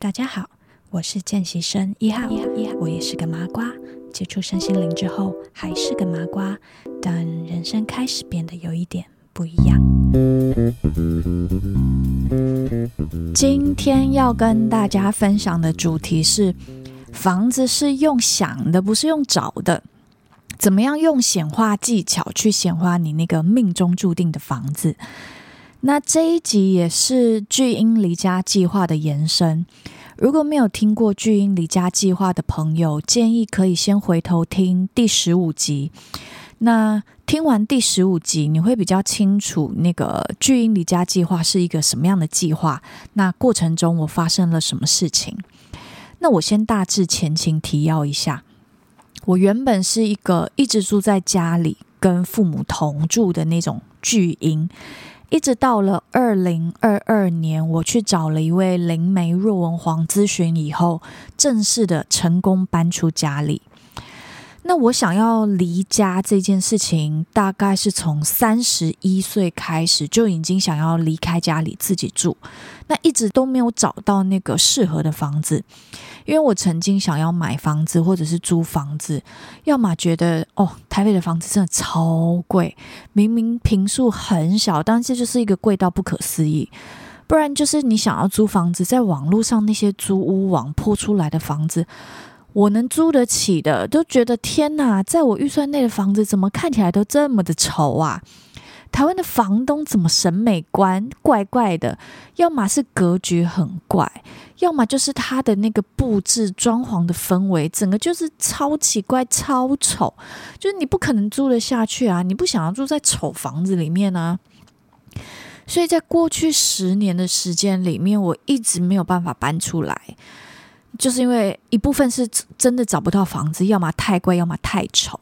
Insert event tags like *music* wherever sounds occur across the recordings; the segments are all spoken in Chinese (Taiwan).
大家好，我是見習生一號一號，一號一號，我也是個麻瓜。接觸身心靈之後，還是個麻瓜，但人生開始變得有一點不一樣。今天要跟大家分享的主題是：房子是用想的，不是用找的。怎麼樣用顯化技巧去顯化你那個命中注定的房子？那這一集也是巨嬰離家計劃的延伸。如果沒有聽過巨嬰離家計劃的朋友，建議可以先回頭聽第十五集。那聽完第十五集，你會比較清楚那個巨嬰離家計劃是一個什麼樣的計劃。那過程中我發生了什麼事情？那我先大致前情提要一下。我原本是一個一直住在家裡，跟父母同住的那種巨嬰。一直到了二零二二年，我去找了一位靈媒若文黃諮詢以後，正式的成功搬出家裡。那我想要離家這件事情，大概是從三十一歲開始就已經想要離開家裡自己住，那一直都沒有找到那個適合的房子。因為我曾經想要買房子或者是租房子，要麼覺得哦，台北的房子真的超貴，明明坪數很小，但是就是一個貴到不可思議。不然就是你想要租房子，在網絡上那些租屋網鋪出來的房子，我能租得起的，都覺得天吶，在我預算內的房子怎麼看起來都這麼的醜啊！台灣的房東怎麼審美觀怪怪的？要麼是格局很怪，要麼就是他的那個布置裝潢的氛圍，整個就是超奇怪、超醜，就是你不可能住得下去啊！你不想要住在醜房子裡面啊？所以在過去十年的時間裡面，我一直沒有辦法搬出來，就是因為一部分是真的找不到房子，要麼太怪，要麼太醜。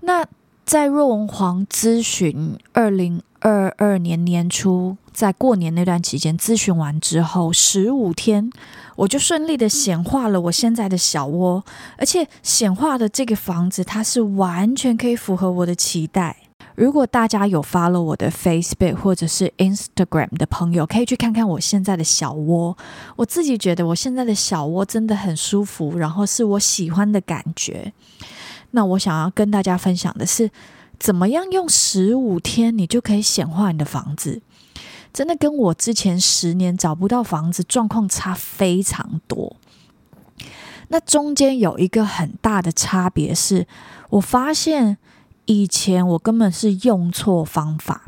那。在若文煌諮詢，二零二二年年初，在過年那段期間諮詢完之後，十五天我就順利的顯化了我現在的小窩，而且顯化的這個房子，它是完全可以符合我的期待。如果大家有 follow 我的 Facebook 或者是 Instagram 的朋友，可以去看看我現在的小窩。我自己覺得我現在的小窩真的很舒服，然後是我喜歡的感覺。那我想要跟大家分享的是，怎麼樣用十五天你就可以顯化你的房子？真的跟我之前十年找不到房子狀況差非常多。那中間有一個很大的差別是，我發現以前我根本是用錯方法。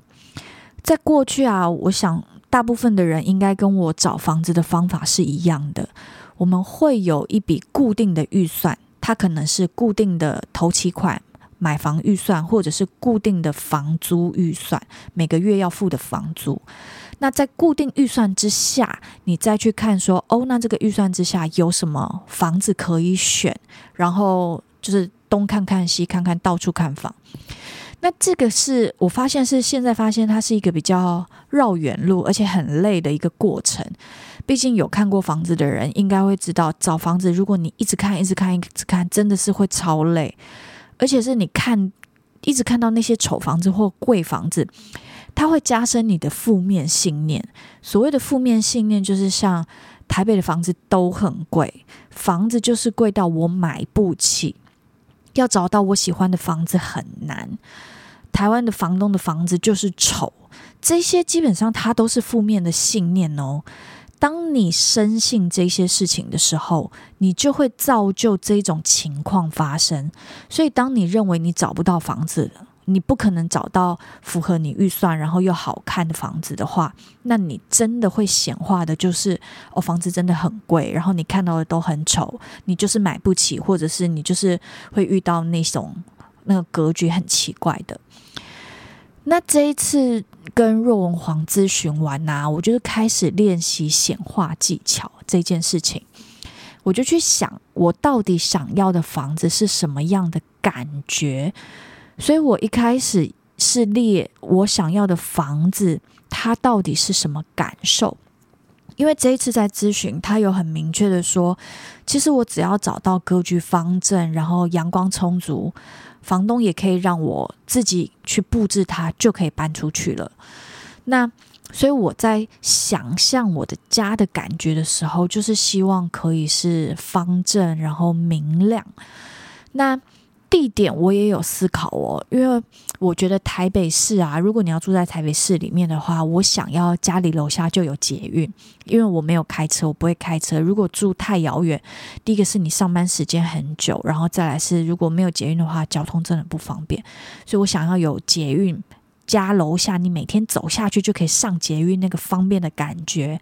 在過去啊，我想大部分的人應該跟我找房子的方法是一樣的，我們會有一筆固定的預算。它可能是固定的頭期款、買房預算，或者是固定的房租預算，每個月要付的房租。那在固定預算之下，你再去看說，哦，那這個預算之下有什麼房子可以選？然後就是東看看西、西看看，到處看房。那這個是我發現是現在發現它是一個比較繞遠路，而且很累的一個過程。畢竟有看過房子的人，應該會知道，找房子如果你一直看、一直看、一直看，真的是會超累。而且是你看，一直看到那些醜房子或貴房子，它會加深你的負面信念。所謂的負面信念，就是像台北的房子都很貴，房子就是貴到我買不起，要找到我喜歡的房子很難。台灣的房東的房子就是醜，這些基本上它都是負面的信念哦。當你深信這些事情的時候，你就會造就這種情況發生。所以，當你認為你找不到房子，你不可能找到符合你預算然後又好看的房子的話，那你真的會顯化的就是哦，房子真的很貴，然後你看到的都很醜，你就是買不起，或者是你就是會遇到那種那個格局很奇怪的。那這一次。跟若文黃諮詢完吶、啊，我就是開始練習顯化技巧這件事情。我就去想，我到底想要的房子是什麼樣的感覺？所以我一開始是列我想要的房子，它到底是什麼感受。因為這一次在諮詢，他有很明確的說，其實我只要找到格局方正，然後陽光充足，房東也可以讓我自己去布置它，就可以搬出去了。那所以我在想象我的家的感覺的時候，就是希望可以是方正，然後明亮。那。地點我也有思考哦，因為我覺得台北市啊，如果你要住在台北市裡面的話，我想要家裡樓下就有捷運，因為我沒有開車，我不會開車。如果住太遙遠，第一個是你上班時間很久，然後再來是如果沒有捷運的話，交通真的不方便。所以我想要有捷運，家樓下，你每天走下去就可以上捷運，那個方便的感覺。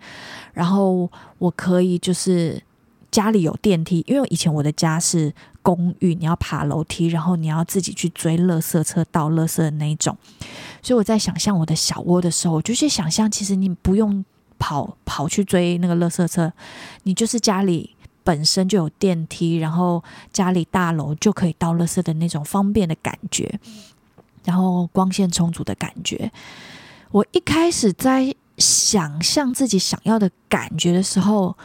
然後我可以就是家裡有電梯，因為以前我的家是。公寓，你要爬樓梯，然後你要自己去追垃圾車倒垃圾的那一種。所以我在想象我的小窩的時候，我就去想象其實你不用跑跑去追那個垃圾車，你就是家裡本身就有電梯，然後家裡大樓就可以倒垃圾的那種方便的感覺，然後光線充足的感覺。我一開始在想象自己想要的感覺的時候，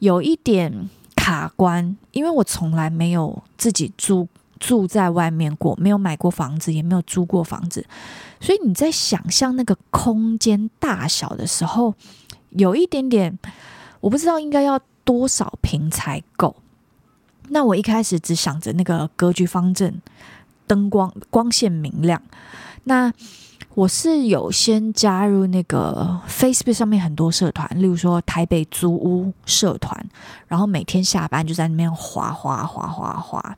有一點。卡關，因為我從來沒有自己住住在外面過，沒有買過房子，也沒有租過房子，所以你在想象那個空間大小的時候，有一點點，我不知道應該要多少平才夠。那我一開始只想着那個格局方正。燈光光線明亮，那我是有先加入那個 Facebook 上面很多社團，例如說台北租屋社團，然後每天下班就在那邊滑滑滑滑滑滑。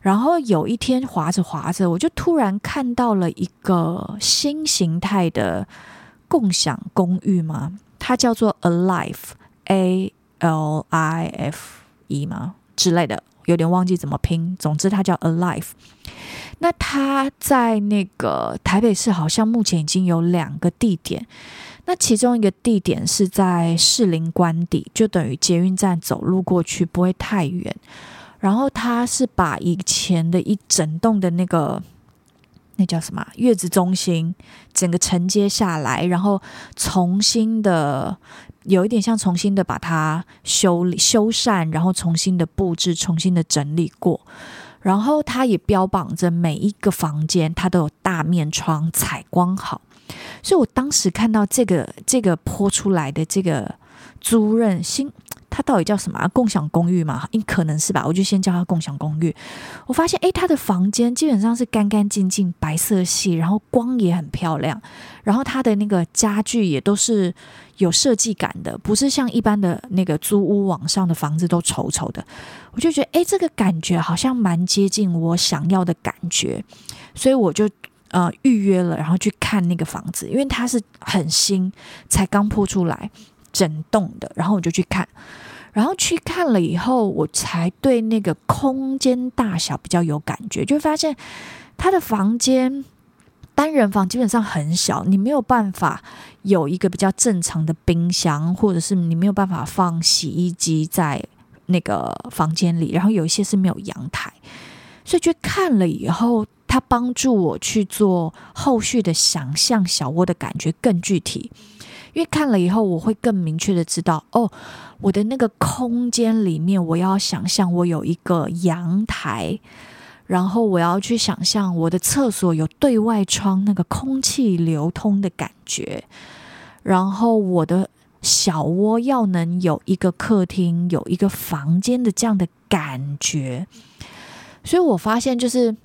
然後有一天滑著滑著，我就突然看到了一個新形態的共享公寓嘛。它叫做 Alive A L I F E 嘛之類的。有點忘記怎麼拼，總之它叫 Alive。那它在那個台北市，好像目前已經有兩個地點。那其中一個地點是在士林官邸，就等於捷運站走路過去不會太遠。然後它是把以前的一整棟的那個。那叫什麼？月子中心，整個承接下來，然後重新的，有一點像重新的把它修理修繕，然後重新的佈置，重新的整理過。然後它也標榜着每一個房間，它都有大面窗，採光好。所以我當時看到這個這個 PO 出來的這個租賃訊。它到底叫什麼、啊？共享公寓嘛？應可能是吧，我就先叫它共享公寓。我發現，哎，它的房間基本上是乾乾淨淨、白色系，然後光也很漂亮，然後它的那個家具也都是有設計感的，不是像一般的那個租屋網上的房子都醜醜的。我就覺得，哎，這個感覺好像蠻接近我想要的感覺，所以我就呃預約了，然後去看那個房子，因為它是很新，才剛鋪出來。整棟的，然後我就去看，然後去看了以後，我才對那個空間大小比較有感覺，就發現他的房間單人房基本上很小，你沒有辦法有一個比較正常的冰箱，或者是你沒有辦法放洗衣機在那個房間裡，然後有一些是沒有陽台，所以去看了以後，他幫助我去做後續的想象小窩的感覺更具體。因為看了以後，我會更明確的知道，哦，我的那個空間裡面，我要想象我有一個陽台，然後我要去想象我的廁所有對外窗那個空氣流通的感覺，然後我的小窩要能有一個客廳，有一個房間的這樣的感覺，所以我發現就是。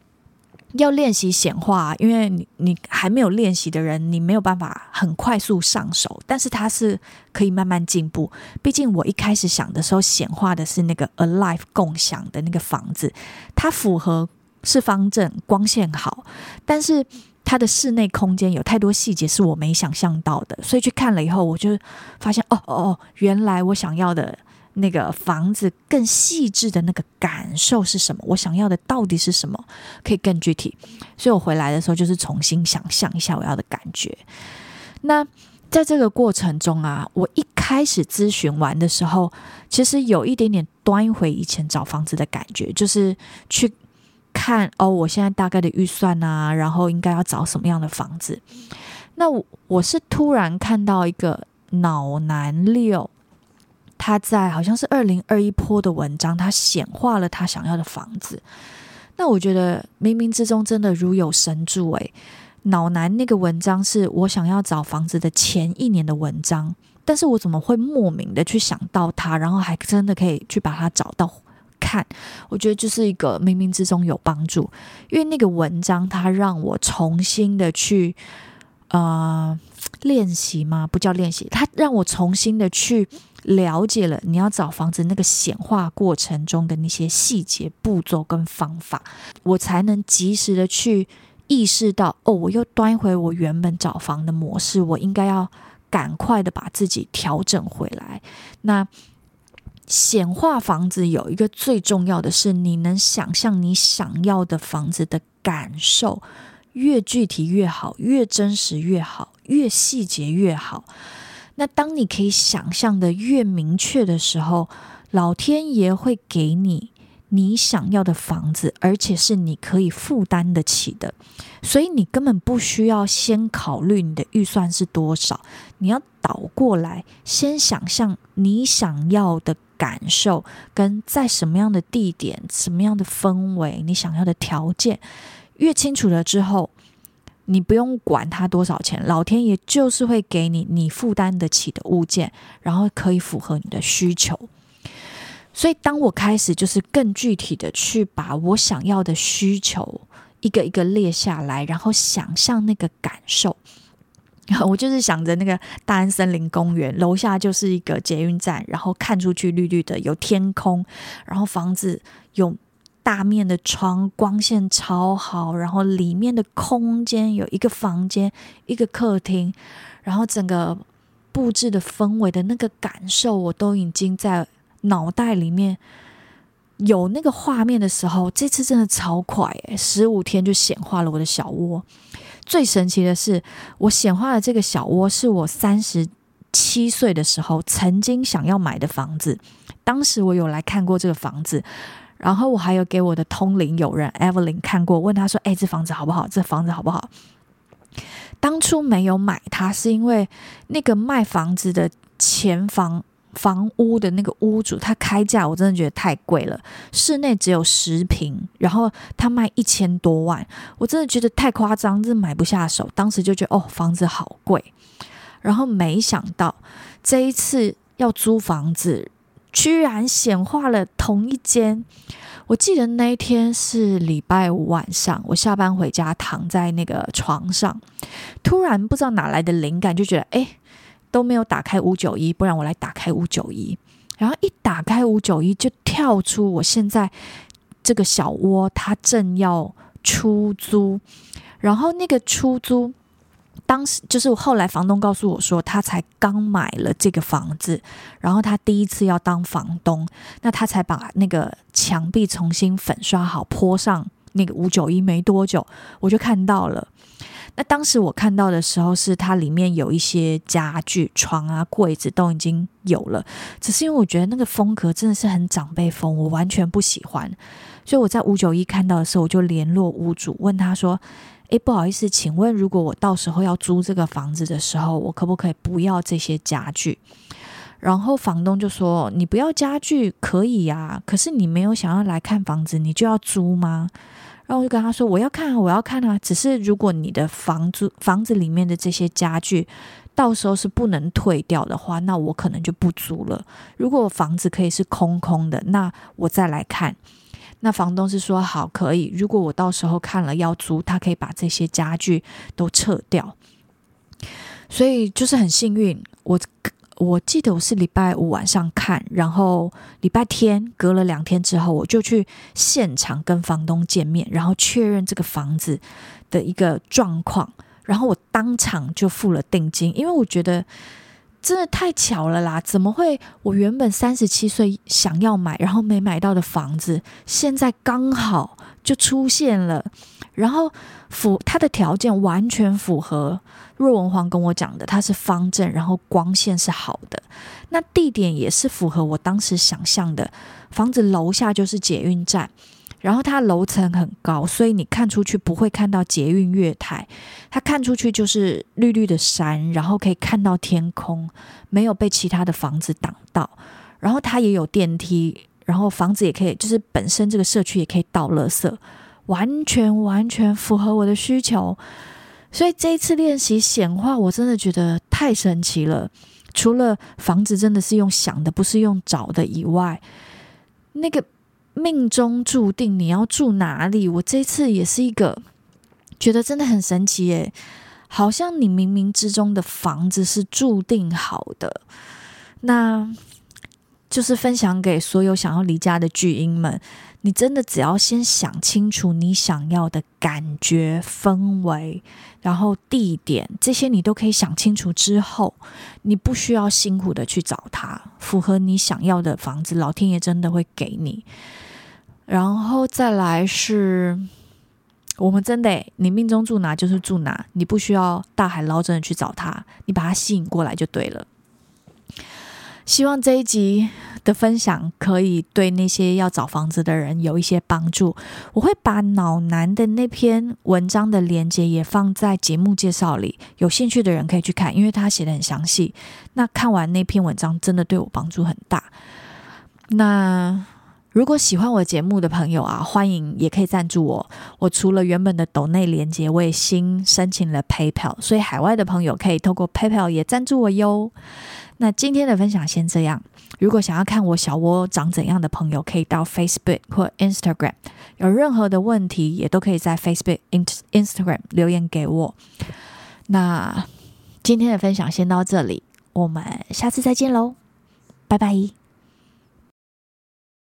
要練習顯化，因為你你還沒有練習的人，你沒有辦法很快速上手，但是它是可以慢慢進步。畢竟我一開始想的時候，顯化的是那個 Alive 共享的那個房子，它符合是方正，光線好，但是它的室內空間有太多細節是我沒想象到的，所以去看了以後，我就發現哦哦哦，原來我想要的。那個房子更細緻的那個感受是什麼？我想要的到底是什麼？可以更具體。所以我回來的時候就是重新想象一下我要的感覺。那在這個過程中啊，我一開始諮詢完的時候，其實有一點點端回以前找房子的感覺，就是去看哦，我現在大概的預算啊，然後應該要找什麼樣的房子。那我，我是突然看到一個腦男六。他在好像是二零二一年的文章，他顯化了他想要的房子。那我覺得冥冥之中真的如有神助誒，腦男那個文章是我想要找房子的前一年的文章，但是我怎麼會莫名的去想到他，然後還真的可以去把它找到看？我覺得就是一個冥冥之中有幫助，因為那個文章它讓我重新的去呃練習嗎？不叫練習，它讓我重新的去。了解了，你要找房子那個顯化過程中的那些細節步驟跟方法，我才能及時的去意識到哦，我又端回我原本找房的模式，我應該要趕快的把自己調整回來。那顯化房子有一個最重要的是，你能想象你想要的房子的感受，越具體越好，越真實越好，越細節越好。那當你可以想象的越明確的時候，老天爺會給你你想要的房子，而且是你可以負擔得起的。所以你根本不需要先考慮你的預算是多少，你要倒過來先想象你想要的感受，跟在什麼樣的地點、什麼樣的氛圍、你想要的條件越清楚了之後。你不用管它多少錢，老天爺就是會給你你負擔得起的物件，然後可以符合你的需求。所以，當我開始就是更具體的去把我想要的需求一個一個列下來，然後想象那個感受。 *laughs* 我就是想着那個大安森林公園樓下就是一個捷運站，然後看出去綠綠的有天空，然後房子有。大面的窗，光線超好，然後裡面的空間有一個房間，一個客廳，然後整個布置的氛圍的那個感受，我都已經在腦袋裡面有那個畫面的時候，這次真的超快欸，十五天就顯化了我的小窩。最神奇的是，我顯化的這個小窩是我三十七歲的時候曾經想要買的房子，當時我有來看過這個房子。然後我還有給我的通靈友人 Evelyn 看過，問他說：“哎、欸，這房子好不好？這房子好不好？”當初沒有買它，是因為那個賣房子的前房房屋的那個屋主，他開價我真的覺得太貴了。室內只有十平，然後他賣一千多萬，我真的覺得太誇張，真買不下手。當時就覺得哦，房子好貴。然後沒想到這一次要租房子。居然顯化了同一間。我記得那一天是禮拜五晚上，我下班回家，躺在那個床上，突然不知道哪來的靈感，就覺得哎、欸，都沒有打開五九一，不然我來打開五九一。然後一打開五九一，就跳出我現在這個小窩，它正要出租，然後那個出租。當時就是我後來房東告訴我說，他才剛買了這個房子，然後他第一次要當房東，那他才把那個牆壁重新粉刷好，PO 上那個五九一沒多久，我就看到了。那當時我看到的時候是它裡面有一些家具、床啊、櫃子都已經有了，只是因為我覺得那個風格真的是很長輩風，我完全不喜歡，所以我在五九一看到的時候，我就聯絡屋主問他說，誒、欸，不好意思，請問如果我到時候要租這個房子的時候，我可不可以不要這些家具？然後房東就說：“你不要家具可以呀、啊，可是你沒有想要來看房子，你就要租嗎？”然後我就跟他說：“我要看啊，我要看啊，只是如果你的房租、房子裡面的這些家具到時候是不能退掉的話，那我可能就不租了。如果房子可以是空空的，那我再來看。”那房東是說，好可以，如果我到時候看了要租，他可以把這些家具都撤掉。所以就是很幸運，我我記得我是禮拜五晚上看，然後禮拜天隔了兩天之後，我就去現場跟房東見面，然後確認這個房子的一個狀況，然後我當場就付了定金，因為我覺得。真的太巧了啦！怎麼會？我原本三十七歲想要買，然後沒買到的房子，現在剛好就出現了。然後符他的條件完全符合若文黃跟我講的，他是方正，然後光線是好的，那地點也是符合我當時想象的。房子樓下就是捷運站。然後它樓層很高，所以你看出去不會看到捷運月台，它看出去就是綠綠的山，然後可以看到天空，沒有被其他的房子擋到。然後它也有電梯，然後房子也可以，就是本身這個社區也可以倒垃圾，完全完全符合我的需求。所以這一次練習顯化，我真的覺得太神奇了。除了房子真的是用想的，不是用找的以外，那個。命中註定你要住哪裡？我這一次也是一個覺得真的很神奇耶，好像你冥冥之中的房子是注定好的。那，就是分享給所有想要離家的巨嬰們。你真的只要先想清楚你想要的感覺、氛圍，然後地點，這些你都可以想清楚之後，你不需要辛苦的去找他，符合你想要的房子，老天爺真的會給你。然後再來是我們真的、欸，你命中住哪就是住哪，你不需要大海撈針的去找他，你把他吸引過來就對了。希望這一集的分享可以對那些要找房子的人有一些幫助。我會把腦男的那篇文章的連接也放在節目介紹裡，有興趣的人可以去看，因為他寫得很詳細。那看完那篇文章，真的對我幫助很大。那。如果喜歡我節目的朋友啊，歡迎也可以贊助我。我除了原本的斗內連結，我也新申請了 PayPal，所以海外的朋友可以透過 PayPal 也贊助我喲。那今天的分享先這樣。如果想要看我小窩長怎樣的朋友，可以到 Facebook 或 Instagram。有任何的問題，也都可以在 Facebook、Inst Instagram 留言給我。那今天的分享先到這裡，我們下次再見嘍，拜拜。